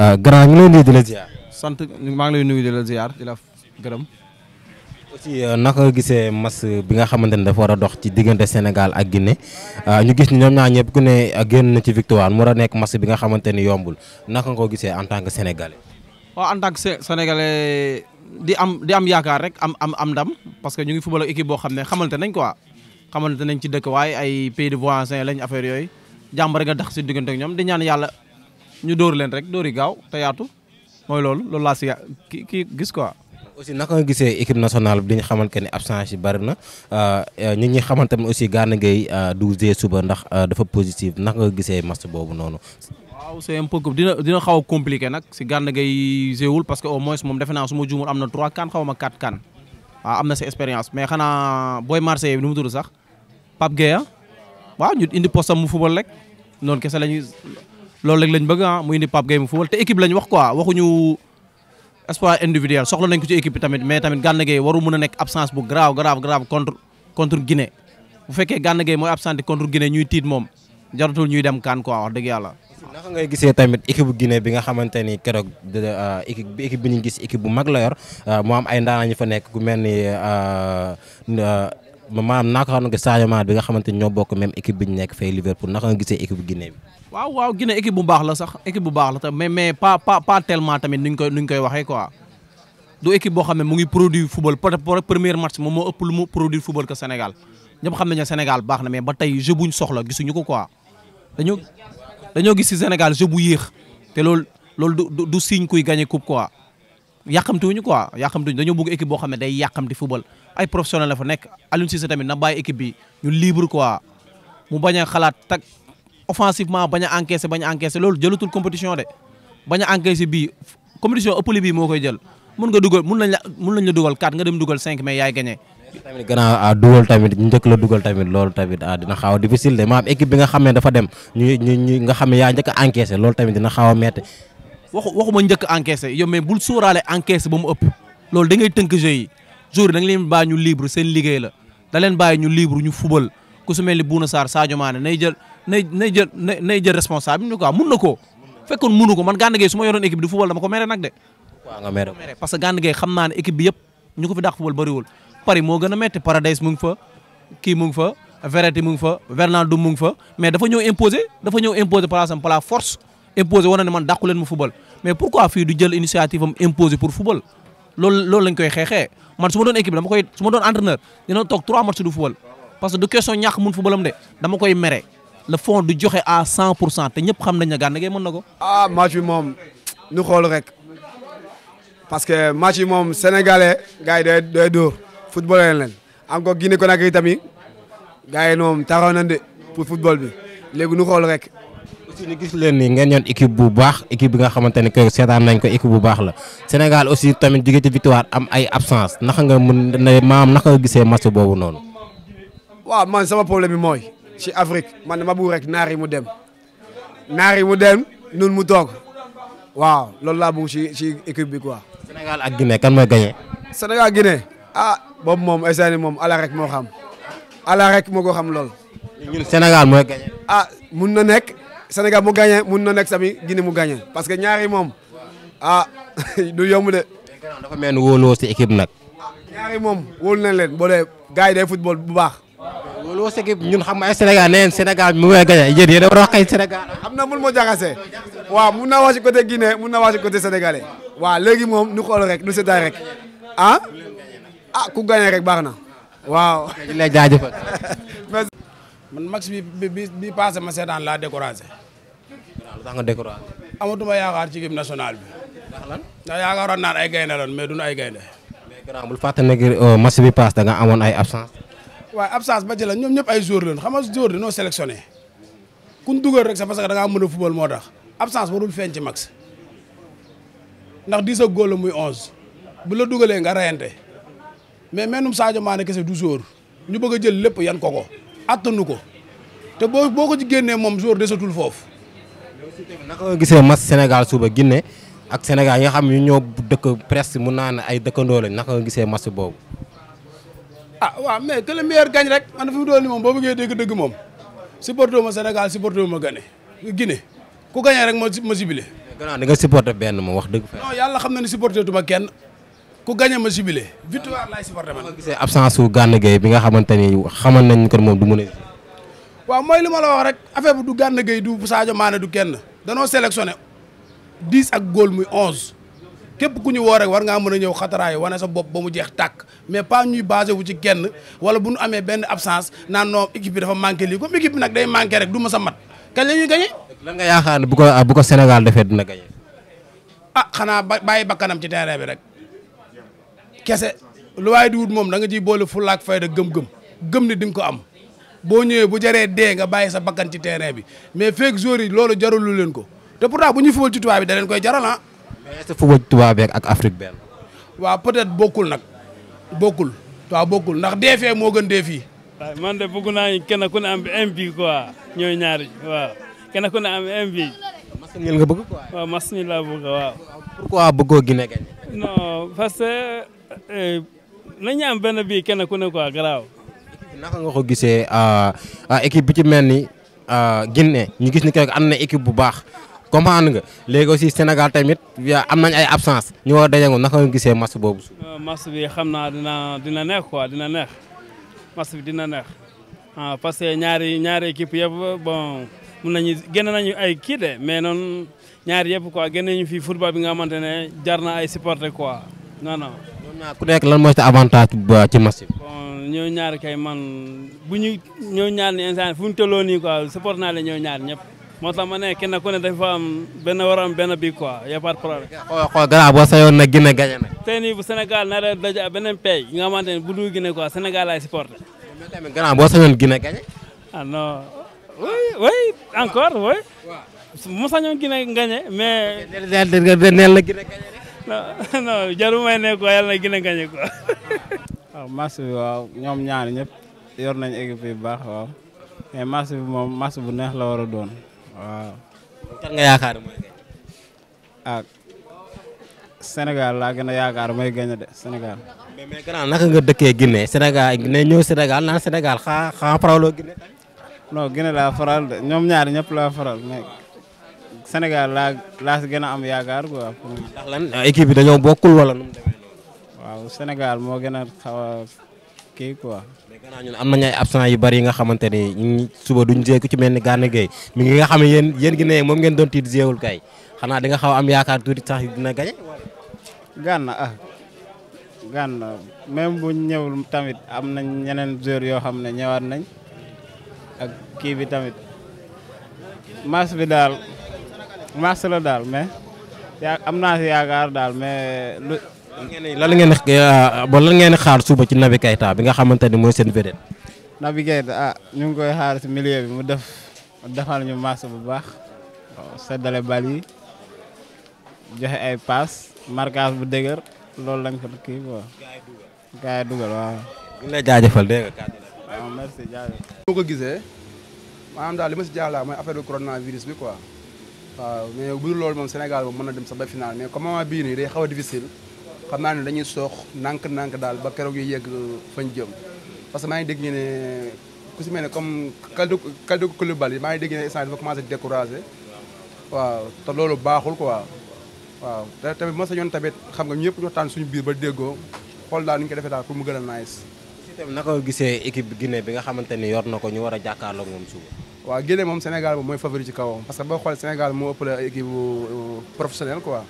Euh, grand ñu ngi lay nuyu di la ziar. sant euh, gisee match bi nga xamante ne dafa war a dox ci diggante Sénégal ak Guinée euh, ñu gis ni ñoom ñaar ku ne génn na ci victoire mu war a nekk match bi nga xamante ni yombul naka nga gisee en tant que sénégalais. waaw en tant que di am di am yaakaar rek am am am ndam parce que ñu ngi football ak équipe boo xam ne xamante nañ quoi xamante nañ ci dëkk waaye ay pays de voisin lañ affaire yooyu jàmbar nga dax si diggante ñoom di ñaan yàlla. ñu dóor leen rek dóor yi gaaw te yaatu mooy loolu loolu laa si ki kii gis quoi. aussi naka nga gisee équipe nationale bi dañu xamante ne absence yi bari na euh, ñu ñi xamante aussi Gana Gueye euh, du jeu suba ndax euh, dafa positif naka nga gisee match boobu noonu. waaw c'est un peu dina xaw a compliqué si Gana Gueye jéewul parce que au moins moom defe naa su am na 3 kan xaw ma 4 kan waaw am na sa expérience mais xanaa booy Marseille bi nu loolu rek lañ bëgg ah mu indi Pape Gueye mu football te équipe lañ wax quoi waxuñu espoir individuel soxla nañ ko ci équipe tamit mais tamit Gana Gueye waru mun a nekk absence bu grave grave grave contre contre Guinée bu fekkee Gana Gueye mooy absente contre Guinée ñuy tiit moom jaratul ñuy dem kaan quoi wax dëgg yàlla. naka ngay gisee tamit équipe bu Guinée bi nga xamante ni keroog euh, équipe bi bi ñu gis équipe bu mag la yor euh, am ay ndaanaa fa nekk ku mel ni. Euh, maanaam naka xam nga Sadio Mané bi nga xamante ñoo bokk même équipe bi ñu nekk fay Liverpool naka nga gisee équipe Guinée bi. waaw waaw Guinée équipe bu baax la sax équipe bu baax la tam mais mais pas pas pas tellement tamit nuñ koy nuñ koy waxee quoi. du équipe boo xam ne mu ngi produit football peut-être premier match moom moo ëpp lu mu produit football que Sénégal ñëpp xam nañu Sénégal baax na mais ba tey jeu buñ soxla gisuñu ko quoi dañoo dañoo gis si Sénégal jeu bu yéex te loolu loolu du du signe kuy gagné coupe quoi. yàqamtiwuñu quoi yàqamtiwuñu dañoo bëgg équipe boo xam ne day yàqamti football ay professionnel la fa nekk Aliou Cissé tamit na bàyyi équipe bi ñu libre quoi mu bañ a xalaat tak offensivement bañ a encaissé bañ a encaissé loolu jëlatul compétition de bi a encaissé bii compétition ëppale bii moo koy jël mun nga dugal mun nañ la mun nañ la dugal 4 nga dem dugal cinq mais yaay gagné. tamit gannaaw dugal tamit ñu njëkk la dugal tamit loolu tamit dina xaw a difficile de bi nga xam ne dafa dem ñu ñu nga xam ne yaa njëkk a loolu tamit dina xaw a métti waxu waxuma njëkk encaissé yow mais bul sóoraale encaissé ba mu ëpp loolu da ngay tënk jeu yi jour da nga leen ñu libre seen liggéey la da leen bàyyi ñu libre ñu fubal ku su mel ni Bouna Sarr Sadio Mané nay jël nay nay jël nay jël responsable bi quoi mun na koo fekkoon munu ko man Gana Gueye su ma yoroon équipe di fubal dama ko mere nag de. parce que Gana Gueye xam naa ne équipe bi yëpp ñu ko fi dàq fubal bëriwul Paris moo gën a métti Paradise mu ngi fa kii mu ngi fa Verratti mu ngi mu ngi fa mais dafa ñëw imposer dafa ñëw imposer par la force imposé wane ne man dàqu leen mu football mais pourquoi fii du jël initiative am imposé pour football loolu loolu lañ koy xeexee man su ma doon équipe dama koy su ma doon entraîneur dina toog 3 matchs du football parce que du question ñàkk mun footballam de dama koy mere le fond du joxe à 100 pour cent te ñëpp xam nañ ne Gana Gueye mën na ko. ah match bi moom ñu xool rek parce que match yi moom sénégalais gars yi day day dóor football leen leen encore Guinée Conakry tamit gars yi moom taxaw nañ de pour football bi léegi ñu xool rek. surtout ñu gis leen ni ngeen ñoon équipe bu baax équipe bi nga xamante ne que seetaan nañ ko équipe bu baax la Sénégal aussi tamit jóge victoire am ay absence naka nga mën ne maam naka nga gisee boobu noonu. waaw man sama problème bi mooy ci Afrique man ma bëgg rek naar yi mu dem naar yi mu dem ñun mu toog waaw loolu laa bëgg si ci équipe bi quoi. Sénégal ak Guinée kan mooy gagné. Sénégal Guinée ah boobu moom instant moom ala rek moo xam ala rek moo ko xam lool. Sénégal mooy gagné. ah mun na nekk. senegal mu gagné mun na nekk sami Guinée mu gagné parce que ñaari moom ah du yomb de. dafa mel ni wóoloo si équipe moom wóolu nañ leen boo dee gars bu baax. wóoloo si équipe ñun xam nga ay senegal nee Sénégal mu ngi gagné yéen yéen a war a wax kay Sénégal. am na mun moo jaxase waaw mun na wax si côté Guinée mun naa wax si côté waaw léegi moom nu xool rek nu seetaay rek ah ah ku gagné rek baax na waaw. ñu lay man max bi bi bi ma seetaan laa découragé. tax nga découragé. amatuma yaakaar ci équipe nationale bi. ndax lan ndax yaakaaroon naan ay gaynde lan mais duñu ay gaynde. mais grand bul fàtte ne euh, match bi paas da nga amoon ay absence. ba ci la ñoom ñëpp ay joueur lañ xam nga joueur dañoo sélectionné ku ñu dugal rek c'est parce que da a football moo tax absence warul feeñ ci max ndax 10 ak muy 11 bu la dugalee nga reyante mais mennum Sadio Mané kese du joueur ñu bëgg a jël lépp yan ko ko attanu ko te boo boo ko ci génnee moom joueur desatul foofu. naka nga gisee match Sénégal suba Guinée ak Sénégal yi nga xam ne ñoo dëkk presque mun naa ne ay dëkkandoo lañ naka nga gisee match boobu. ah waaw mais que le meilleur gagne rek man moom boo bëggee dëgg-dëgg moom supporter ma Sénégal supporter ma Guinée Guinée ku gagné ma ma jubilé. gannaaw di nga supporter benn moom wax dëgg fa. yàlla xam na ne supporter tuma kenn. ku gagné ma jubilé victoire laay supporté man. ma gisee absence su Gana Gueye bi nga xamante ni xamal nañ ko moom du mën a. waaw mooy li ma la wax rek affaire bu du Gana Gueye du Sadio Mané du kenn danoo sélectionné dix ak góol muy onze képp ku ñu woo rek war ngaa mën a ñëw xataraay wane sa bopp ba mu jeex tàkk mais pas ñuy basé wu ci kenn wala bu ñu amee benn absence naan non équipe dafa manqué lii comme équipe bi nag day manqué rek du ma sa mat kañ la ñuy gagné. nga yaakaar ne bu ko bu ko Sénégal defee dina gagné. ah xanaa bàyyi bakkanam ci terrain bi rek kese lu waaye di wut moom da nga ciy boole fu ak fayda gëm-gëm gëm ni di nga ko am. boo ñëwee bu jaree dee nga bàyyi sa bakkan ci terrain bi mais feeg joueurs yi loolu jarulu leen ko te pourtant bu ñuy fubal ci tubaab bi da leen koy jaral ah. mais est-ce que fubal ci tubaab ak Afrique benn. waaw peut-être bokkul nag bokkul waaw bokkul ndax dee fee moo gën dee fii. waaw man de bëgg naa ñu kenn ku ne am un bi quoi ñooy ñaari waaw kenn ku ne am un bi. mas ni nga bëgg quoi. waaw mas ni laa bëgg waaw. pourquoi bëggoo Guinée euh, am benn bii kenn ku ne quoi garaaw. naka nga ko gisee ah, ah, équipe bi ci mel ni ah, Guinée ñu gis ni keroog am na équipe bu baax comprendre nga léegi aussi Sénégal tamit am nañ ay absence ñu war a daje naka nga gisee match boobu. Euh, match bi xam naa dina dina neex quoi dina neex match bi dina neex parce que ñaari ñaari équipe yëpp bon mun nañu génn nañu ay kii de mais noonu ñaari yëpp quoi génn nañu fii football bi nga xamante ne jar na ay supporter quoi non non. naa ku nekk lan mooy sa avantage ci match bi. bon ñoo ñaar kay man bu ñu ñoo ñaar ni instant fu ñu tolloo nii quoi support naa leen ñoo ñaar ñëpp. moo tax ma ne kenn ku ne dafa am benn war am benn bi quoi y' a pas de problème. xool xool gannaaw boo sayoon nag Guinée gagné bu Sénégal nar a daje beneen pays nga bu dul Guinée quoi Sénégal laay non non jarul may ne ko yàlla na gën a gañe quoi. waaw match bi waaw ñoom ñaari ñëpp yor nañ équipe yi bu baax waaw bi moom match bu neex la war a doon waaw. kan nga yaakaar mooy ah, laa gën a yaakaar mooy gañ de Sénégal. mais mais grand naka nga dëkkee Guinée Sénégal Guinée ñëw Sénégal naan Sénégal xaa xaa faraloo de ñoom ñaari ñëpp laa Sénégal laa laa si gën am yaakaar quoi. ndax lan équipe bi dañoo bokkul wala waaw Sénégal moo gën a xaw kii quoi. mais gannaaw am nañu ay absent yu bari yi nga xamante ni ñun suba duñ jee ku ci mel ni Gana Gueye mu ngi nga xam ne yéen yéen gi ne moom ngeen doon tiit jéewul kay xanaa di nga xaw am yaakaar tuuti sax dina gañe. Gana ah Gana même bu ñëwul tamit am nañ ñeneen joueurs yoo xam ne ñëwaat nañ ak kii bi tamit match bi daal. marché la daal mais yaa am naa yaakaar daal mais lu. lan ngeen di lan ngeen ah, xaar suba ci Naby Keita bi nga xamante ni mooy seen vedette. Naby Keita ah ñu ngi koy xaar si milieu bi mu def mu ñu marché bu baax seddale bal yi ay paas marquage bu dëgër loolu lañ ko kii quoi. gars dugal waaw. ñu ngi lay jaajëfal dégg nga kàddu waaw merci jaajëf. ko gisee maanaam daal li ma si jaaxal mooy affaire du coronavirus bi quoi. waaw mais bu dul loolu moom Sénégal moom mën na dem sax ba final mais comme moment bii nii day xaw a difficile xam naa ne dañuy soox nànk-nànk daal ba keroog yu yegg fañ jëm parce que maa ngi dégg ñu ne ku si mel ne comme Kalidou Kalidou Koulibaly maa ngi dégg ne instant dafa commencé découragé waaw te loolu baaxul quoi waaw te tamit ma ñoon tamit xam nga ñëpp ñu waxtaan suñu biir ba déggoo xool daal nuñ ko defee daal pour mu gën a nice. si tamit naka gisee équipe Guinée bi nga xamante ni yor na ko ñu war a jàkkaarloog moom suba. waaw Guinée moom Sénégal moom mooy favori ci kawam parce que boo xoolee Sénégal moo ëpp la équipe professionnelle quoi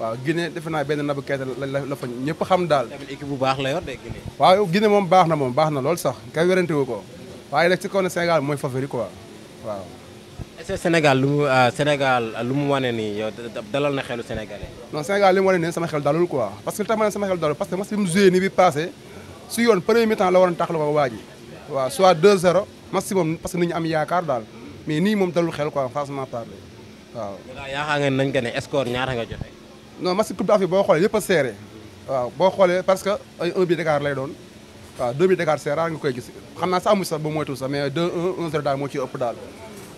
waaw Guinée defe naa benn nabu keeta la la fa ñëpp xam daal. tamit bu baax la yor de Guinée. waaw Guinée moom baax na moom baax na lool sax kay werante wu ko waaye nag ci kaw ne Sénégal mooy favori quoi waaw. est-ce que Sénégal lu mu euh, Sénégal lu mu wane nii yow dalal na xelu sénégalais. non Sénégal li mu wane nii sama xel dalul quoi parce que li tax ma ne sama xel dalul parce que match bi mu joué nii bi passé su yoon premier mi waa ji waaw soit 2 maximum parce que nit ñi am yaakaar daal mais nii moom dalul xel quoi franchement parlé waaw. yaakaar ngeen nañ gën a score ñaata nga joxe. non match coupe d'Afrique boo xoolee yëpp a serré waaw boo xoolee parce que ay 1 bi d'écart lay doon waaw 2 bi d'écart c'est rare nga koy gis xam naa sax amu sax ba moytu sax mais 2 1 1 0 daal moo ciy ëpp daal.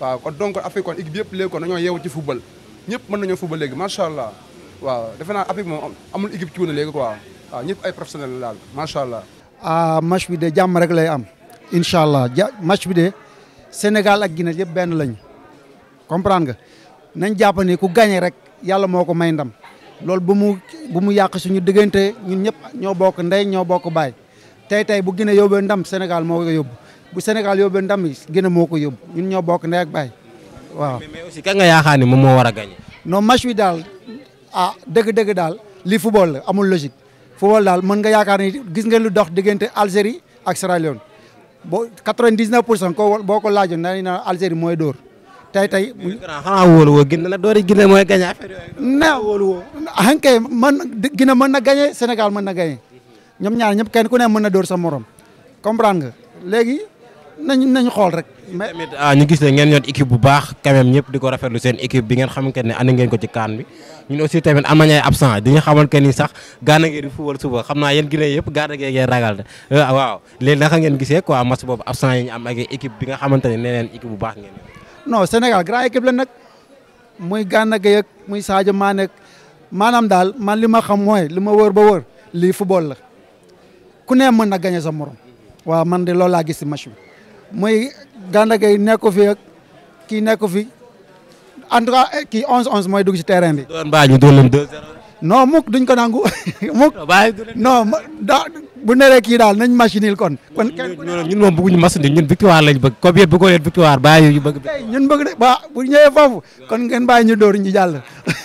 waaw kon donc Afrique kon équipe bi yëpp léegi kon dañoo yeewu ci football ñëpp mën nañoo football léegi macha allah waaw defe naa Afrique moom amul équipe ci woon léegi quoi waaw ñëpp ay professionnels la daal macha allah. ah match bi de jàmm rek lay am. incha allah ja match bi de Sénégal ak Guinée yëpp benn lañu comprendre nga nañ jàpp ne ku gagné rek yàlla moo ko may ndam loolu bu mu bu mu yàq suñu diggante ñun ñëpp ñoo bokk ndey ñoo bokk baay tey tey bu Guinée yóbbee ndam Sénégal moo ko yóbbu bu Sénégal yóbbee ndam yi Guinée moo ko yóbbu ñun ñoo bokk ndey ak baay waaw. mais aussi kan nga yaakaar ni moom moo war a gagné. non match bi daal ah dëgg-dëgg daal li football la amul logique football daal mën nga yaakaar ni gis nga lu dox diggante Algérie ak Sierra boo 99 pour cent koo boo ko laajo na naan Algérie mooy dóor tey tey. mais xanaa wóolu woo Guinée la doori Guinée mooy gagné affaire yooyu. naa wóolu woo. xam nga man Guinée mën na gagné Sénégal mën na gagné ñoom ñaar ñëpp kenn ku ne mën na dóor sa morom comprendre nga léegi. nañ nañ xool rek. mais tamit ah, ñu gis ne ngeen ñoon équipe bu baax quand même ñëpp di ko rafetlu seen équipe bi ngeen xamante ne andi ngeen ko ci kaan absent di nga xamante sax gaana ngeen xam naa yéen Guinée yëpp gaana ngeen ngeen ragal de euh, ah, waaw léegi naka ngeen gisee quoi match ne nee leen équipe bu baax ngeen non la nag muy Gana Gueye ak muy Sadio Mané maanaam daal man li ma xam mooy li ma wër ba wër lii football la ku ne mën na gagné sax morom waa man de loolu laa gis si match bi mooy Gana Gueye nekku fi ak kii nekku fi en tout eh, kii 11 11 mooy dugg ci terrain bi. doon baa ñu doon leen 2-0. non mukk duñ ko nangu. mukk non da bu neree kii daal nañ machinil kon. kon kenn ñun moom bëgguñu machinil ñun victoire lañ bëgg comme yéen bëggoo leen victoire bàyyi ñu bëgg. ñun bëgg de ba bu ñëwee foofu kon ngeen bàyyi ñu dóor ñu jàll.